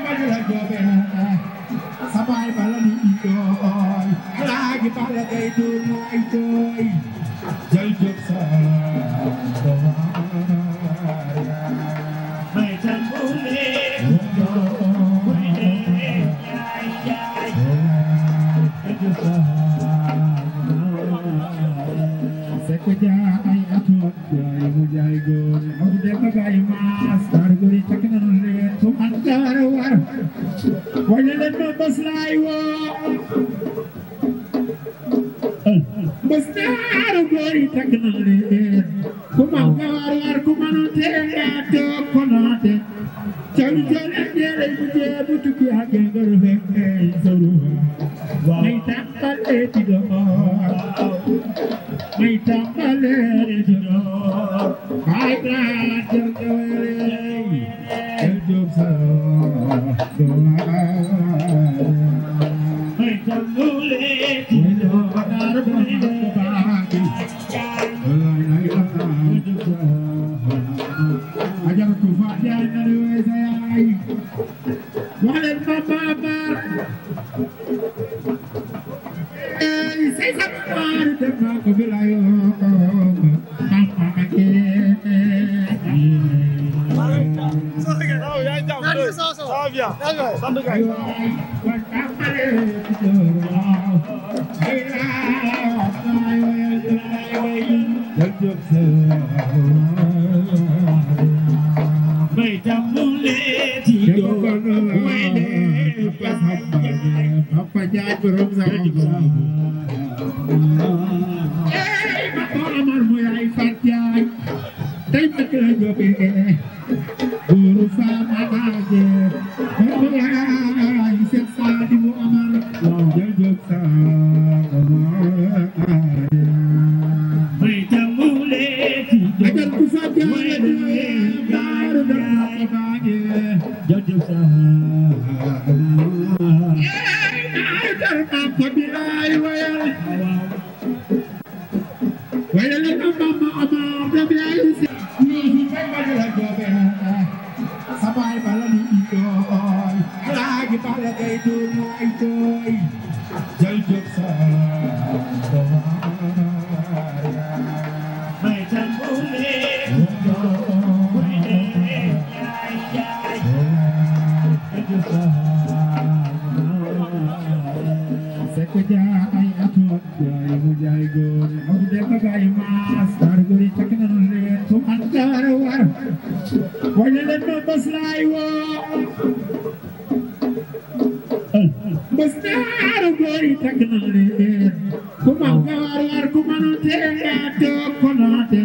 ngalila joobe sa baay bala ni i jooy alaaji bala day doomu ay jooy jal joob sa wala leen ma bés laay woo bés ñaaru góor yi tàgg na leen ku ma war war ku ma nu teel a toog konaate cam jole jele bu jee bu tukki ha gengaru fekke zoru may tàmbale ti door may tàmbale ti door may tàmbale ti door Sandra, Sandra, Sandra. Wow. Jal Job Sa bés laay woo bés ku ma war war ku ma nu tee toog ko naate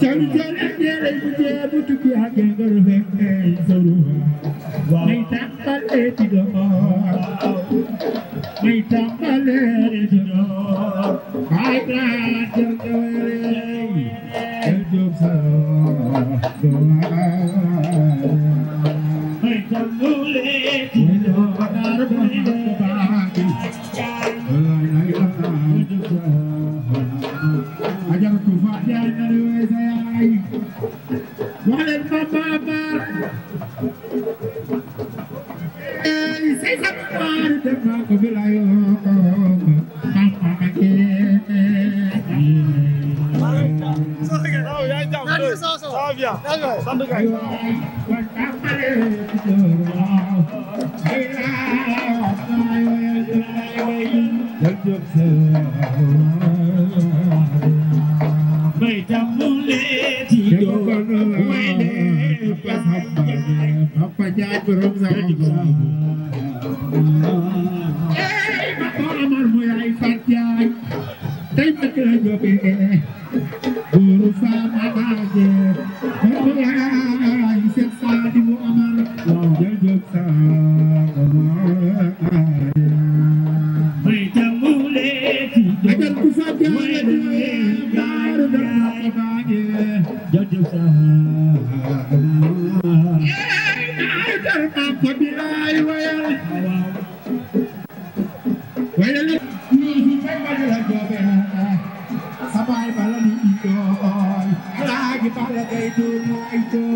cari cari jere bu jee bu tukki ha gengar be zoru may tambal e ti do may tambal e ti do may ra jere jere jere ajaratu Fatou Ndiaye na di wooye sa yaay wax leen Bamba Amar ey say sa Amar dem naa ko bi layo Bamba Amake Thank you. Njaay borom sama borom eh ma ko amal mooy ay Fat Njaay tey ma kër joxe papa bilaay wayal wayal ni hi pembal la jobe sabai balani ito ala gi pala dai tu mo ito